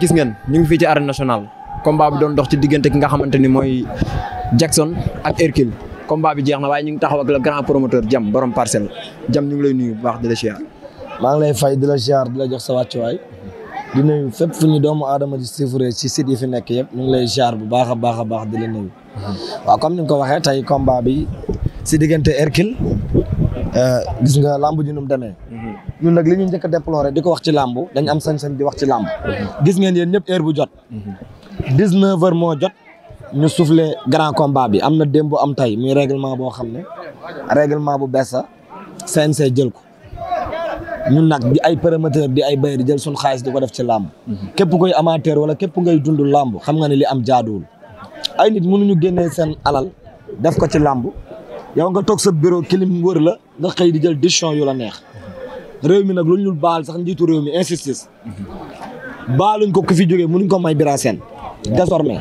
gis ngeen ñu ngi fii ci arène nationale combat bi doon dox ci diggante ki nga xamante mooy Jackson ak Hercule combat bi jeex na waaye ñu ngi taxaw ak le grand promoteur Jam borom parcelle Jam ñu ngi lay nuyu bu baax di la ziar. maa ngi lay fay di la ziar di la jox sa wàccuwaay di nuyu fépp fu ñu doomu aadama di suivre ci site yi fi nekk yëpp ñu ngi lay ziar bu baax a baax a baax di la nuyu. Mhm. waaw comme ni nga ko waxee tey combat bi. si diggante Hercule euh, gis nga lamb ji nu mu demee. Mhm. ñun nag li ñu njëkk a déploré di ko wax ci làmbu dañ am sañ-sañ di wax ci lamb. gis ngeen yéen ñëpp heure bu jot. 19 mhm. heures moo jot ñu soufflé grand combat bi am na démb am tey muy réglement boo xam ne réglement bu bees a CNC jël ko. ñun nag di ay promoteur di ay bayer jël suñu xaalis di ko def ci làmb mhm. képp koy amateur wala képp ngay dund làmb xam nga ne li am jaaduwul ay nit mënuñu génnee seen alal def ko ci làmb yow nga toog sa bureau kilim wër la nga xëy di jël décision yu la neex réew mi nag lu ñu baal sax njiitu réew mi injustice baaluñ ko ku fi jógee mënuñ ko may Bira Sène désormais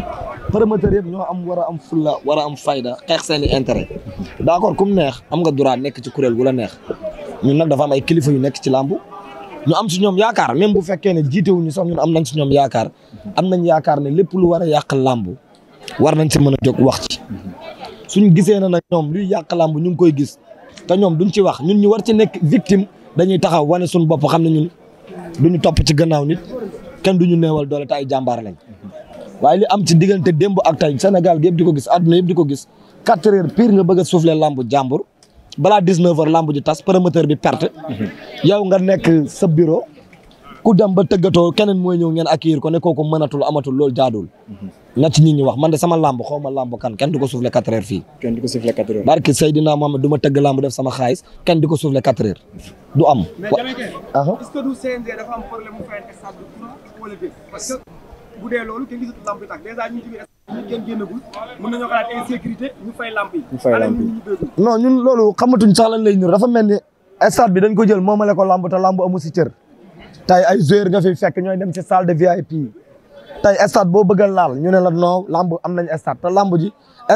promoteur yëpp ñoo am war a am fulla war a am fayda xeex seen i intérêt d'accord ku mu neex am nga nekk ci kuréel gu la neex ñun nag dafa am ay kilifa yu nekk ci làmb ñu am si ñoom yaakaar même bu fekkee ne jiitewuñu sax ñun am nañ si ñoom yaakaar am nañ yaakaar ne lépp lu war a yàq làmb war nañ si mën a jóg wax ci suñ gisee na nag ñoom luy yàq làmb ñu ngi koy gis te ñoom duñ ci wax ñun ñu war ci nekk victime dañuy taxaw wane suñu bopp xam ne ñun ñu topp ci gannaaw nit kenn du ñu neewal doole te ay jàmbaar lañ waaye li am ci diggante démb ak tey senegal gi yëpp di ko gis àdduna yëpp di ko gis quatre heures pire nga bëgg a soufflé làmb jàmbur balaa dix neuf heures làmb ji tas promoteur bi perte mhm. yow nga nekk sa bureau ku dem ba tëggatoo keneen mooy ñëw ngeen accueillir ko ne kooku amatul lool jaadul mhm. na ci nit ñi wax man de sama làmb xaw ma làmb kan kenn du ko soufflé quatre heures fii. kenn du ko soufflé quatre du ma tëgg làmb def sama xaalis kenn du ko soufflé quatre heures du am. mais est-ce ñun loolu xamatuñ sax lan lay ñor dafa mel ni stade bi dañ ko jël moomale ko làmb te làmb amu si cër tey ay joueurs nga fi fekk ñooy dem ci salle de VIP tey stade boo bëgg a laal ñu ne la non lamb am nañ stade te lamb ji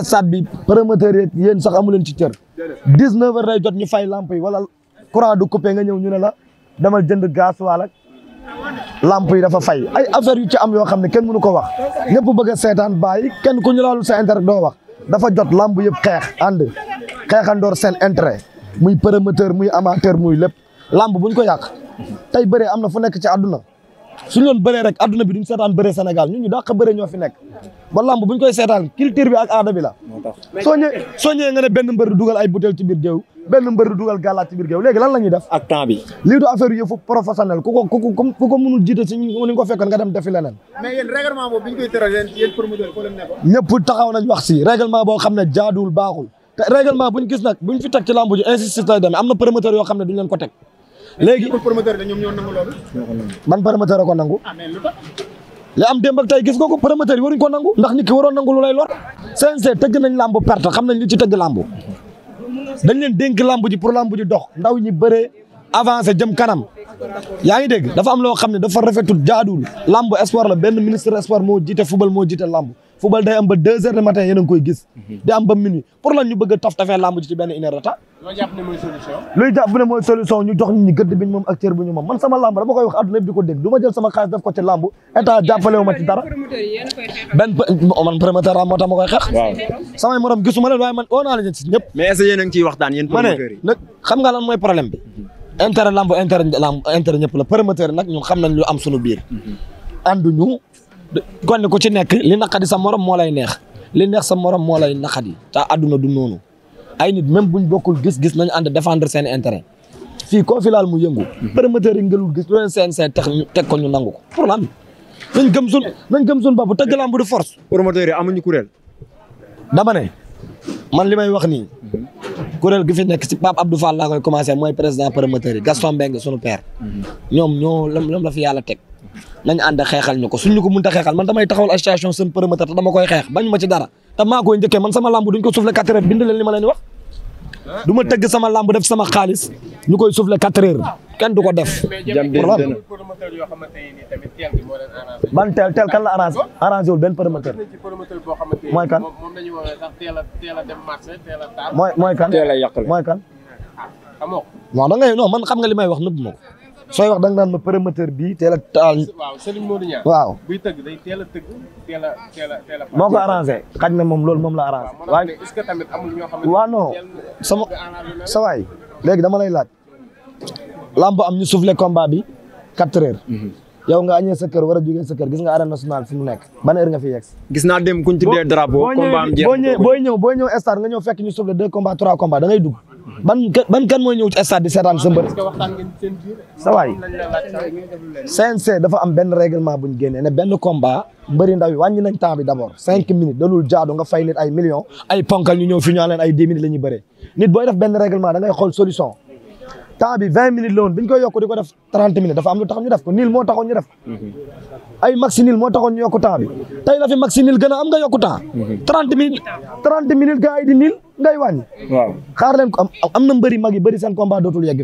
stade bi promoteur yi yéen sax amu leen ci cër. dix neuf day jot ñu fay lamp yi wala courant du coupé nga ñëw ñu ne la demal jënd gaz wala lamp yi dafa fay ay affaire yu ci am yoo xam ne kenn mënu ko wax ñëpp bëgg a seetaan bàyyi kenn ku ñu laalul sa intérêt doo wax dafa jot lamb yëpp xeex ànd xeexandoor seen intérêt muy promoteur muy amateur muy lépp. làmb ñu ko yàq tey bëree am na fu nekk ci aduna suñu doon bëree rek àdduna bi duñ seetaan bëree Sénégal ñun ñu dàq bëree ñoo fi nekk ba làmb buñ koy ko culture bi ak aada bi la soo ñëwee soo ñëwee nga ne benn mbër dugal ay butéel ci biir géew dugal gàllaat ci biir géew lan la ñuy def ak temps bi lii du affaire yëfu professionnel ku ko ku ko ku ko si ni nga ko nga dem defi leneen ñëpp taxaw nañ wax si règlement boo xam ne jaaduwul baaxul te règlement buñ gis nag buñ fi teg ne duñ leen ko teg léegi promoteur yi ñoom ñoo nangu loolu ban promoteur a ko nangu ah, li am démb tey gis nga ko promoteur yi waruñu ko nangu ndax nit ki waroon nangu lu lay lor CNG tëgg nañ làmb perte xam nañ li ci tëgg làmb dañ leen denk làmb ji pour lambu ji dox ndaw ñi bëree avancé jëm kanam yaa ngi dégg dafa am loo xam ne dafa rafetul jaaduwul làmb sport la benn ministre sport moo jiite football moo jiite lambu football day am ba deux heures du matin yéen a koy gis. Mhm. di am ba pour lan ñu a taf tafee làmb ji benn une heure luy jàpp ne mooy solution ñu jox nit gëdd bi moom ak bu ñu moom man sama làmb dama koy wax àdduna yëpp di ko dégg du ma jël sama xaalis def ko ci làmb état jàppale wu ma ci dara. benn oh, man promoteur am moo tax ma koy xeex. waaw samay morom gisuma leen waaye man oo naa leen ci ñëpp. mais a ngi ciy waxtaan yéen promoteurs yi. nag xam xam nañ am kon ku ci nekk li naqadi sa morom moo lay neex li neex sa morom moo lay naqadi te àdduna du noonu ay nit même buñ bokkul gis-gis nañu ànd défendre seen intérêt fii koo fi mu yëngu. Mhm. promoteur yi lu gis lu leen CNG teg ñu teg ko ñu nangu ko pour lan nañ gëm suñ nañ gëm suñ bopp tëgg lamb du force. promoteur yi amuñu kuréel. dama ne man li may wax nii. Mhm. kuréel gi fi nekk si Pape Abdou Fall koy commencé mooy président promoteur yi Gaston Mbengue sunu père. ñoom ñoo la fi yàlla teg. nañ ànd xeexal ñu ko suñ ñu ko mënta xeexal man damay taxawal association seen promoteur te dama koy xeex bañ ma ci dara te maa koy njëkkee man sama lamb duñ ko soufflé 4 heures bind leen li ma leen wax. du ma tëgg sama lamb def sama xaalis ñu koy soufflé 4 heures. kenn du ko def. pour lan ban teel teel kan la arrangé arrangé wul benn promoteur. mooy kan mooy mooy kan mooy kan. waaw ah, da ngay non man xam nga li may wax nëbb ma ko. sooy wax da nga naan ma promoteur bii teel a taal. waaw Serigne Modou Niang. na moom loolu moom la arrangé. waaye est-ce que tamit amul ñoo xam sama sa léegi dama lay laaj. lamb am ñu soufflé combat bi quatre heures. Mhm. yow nga añee sa kër war a jógee sa kër gis nga arène nationale fi mu nekk ban heure nga fi yegg. gis naa dem kuñ tuddee drapeau. combat am ñëw boo ñëw stade nga ñëw fekk ñu soufflé deux combats trois combats da ngay dugg. ban kan mooy ñëw ci stade di seetaan sa mbër. sa waay CNC dafa am benn règlement bu ñu génnee ne benn combat mbëri ndaw yi wàññi nañ temps bi d' abord cinq minutes dalul jaadu nga fay nit ay million ay ponkal ñu ñëw fi ñu naan leen ay la ñuy bëree nit booy def benn règlement da xool solution temps bi vingt minutes la woon bi ñu koy yokk di ko def trente minutes dafa am lu tax ñu def ko niil moo taxoon ñu def mhm. ay maxi niil moo taxoon ñu yokk temps bi la fi maxi niil gën am nga yokk temps mhm. minutes trente minutes di niil ngay wàññi waaw xaar leen am na mbëri mag yi bëri seen combat dootul yegg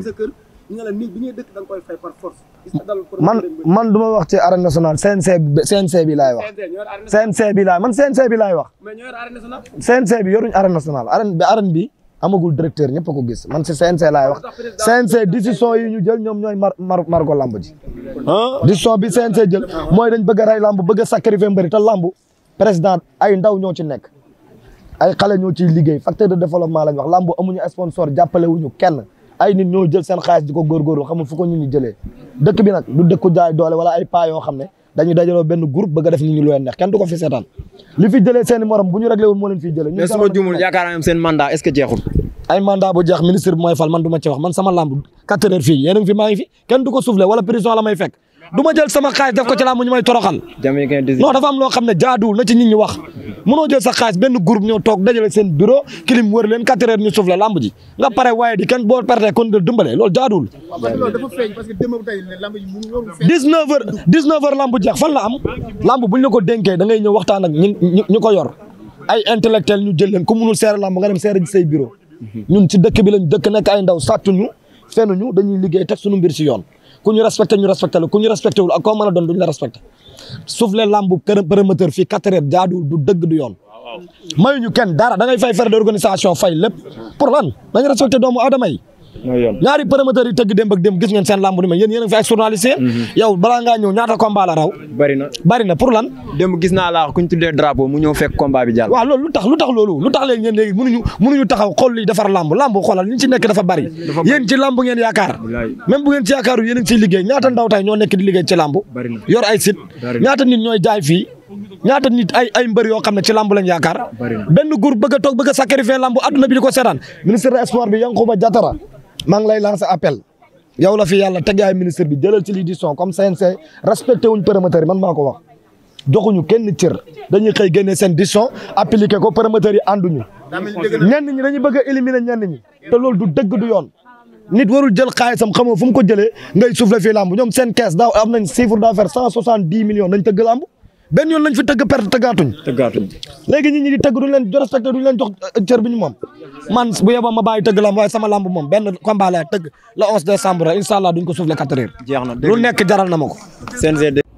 fii man man du ma wax ci arène nationale CNC CNC bi laay wax. CNC bi laay man CNC bi laay wax. CNC bi yoruñ arène nationale arène bi arène bi amagul directeur ñëpp a ko gis man si CNC laay wax CNC décision yi ñu jël ñoom ñooy mar mar margo lamb ji. décision bi CNC jël mooy dañ bëgg ray rey lamb bëgg a sacrifier mbëri te lamb président ay ndaw ñoo ci nekk ay xale ñoo ciy liggéey facteur de développement lañ wax lamb amuñu sponsor jàppale wuñu kenn. ay nit ñoo jël seen xaalis di ko góorgóorlu xamul fu ko nit ñi jëlee dëkk bi nag du dëkku jaay doole wala ay paa xam ne dañuy dajaloo benn groupe bëgg a def nit ñi lu leen neex kenn du ko fi seetaan li fi jëlee seen i morom bu ñu réglé wul moo leen fiy jëlee mais su ma ay mandat bu jeex ministre bi mooy fal man du ma ci wax man sama lamb quatre heures fii a ngi fi maa ngi fi kenn du ko soufflé wala prison la may du ma jël sama xaalis def ko ci lamb ñu may wax mënoo jël sa xaalis benn groupe ñëw toog dajale seen bureau clim wër leen quatre heures ñu suuf la lamb ji nga pare waaye di kenn boo perte kon de dëmbale loolu jaaduwul. dix neuf heures dix neuf heures lamb jeex fan la am lamb bu la ko denkee da ngay ñëw waxtaan ak ñi ñu ko yor ay intellectuel ñu jël leen ku munul seere lamb nga dem seere ji say bureau. ñun ci dëkk bi lañ dëkk nekk ay ndaw sàccuñu fenuñu dañuy liggéey teg ñu mbir ci yoon ku ñu respecté ñu respecté la ku ñu respecté wul ak koo mën a doon soufflé lambu kër promoteur fii quatre heures jaadu du dëgg du yoon. mayuñu kenn dara da ngay fay frais d'organisation fay lépp pour lan dañu respecté doomu aadama yi. ñaari promoteur yi tëgg démb ak gis ngeen seen lamb ni ma yéen yéen a ngi fi ay journaliste yéen mhm. yow balaa ñëw ñaata combat la raw bari na lan démb gis naa la ku ñu tuddee drapeau mu ñëw fekk combat bi lu tax lu tax loolu lu tax léegi ngeen léegi mënuñu taxaw xool li defar lamb lamb xoolal liñ ci nekk dafa bari yéen ci lamb ngeen yaakaar même bu ngeen ci yaakaaru yéen a ngi ciy liggéey ñaata ndaw tay ñoo nekk di liggéey ci lamb yor ay site ñaata nit ñooy jaay fii ñaata nit ay ay yoo xam ne ci lamb lañ yaakaar benn a toog bëgg bi di maa ngi lay lancer appel yow la fi yàlla teg yaay ministre bi jëlal ci lii di son comme CNC respecté wuñ promoteur yi man maa ko wax joxuñu kenn cër dañuy xëy génne seen di son appliqué ko promoteur yi ànduñu ñenn ñi dañuy bëgg a éliminer ñenn ñi te loolu du dëgg du yoon nit warul jël xaalisam xamoo fu mu ko jëlee ngay soufflé fii làmb ñoom seen kees daaw am nañ chiffre d'affaires cent soixante dix millions nañ tëgg làmb benn yoon lañ fi tëgg perte tëggaatuñ léegi nit ñi di tëgg duñ leen respecté duñ leen jox euh, cër bi ñu moom man bu yeboo ma bàyyi tëgg lamb waaye sama lamb moom benn combat laa tëgg le 11 décembre incha allah duñ ko soufflé 4 heures. jeex na lu nekk jaral na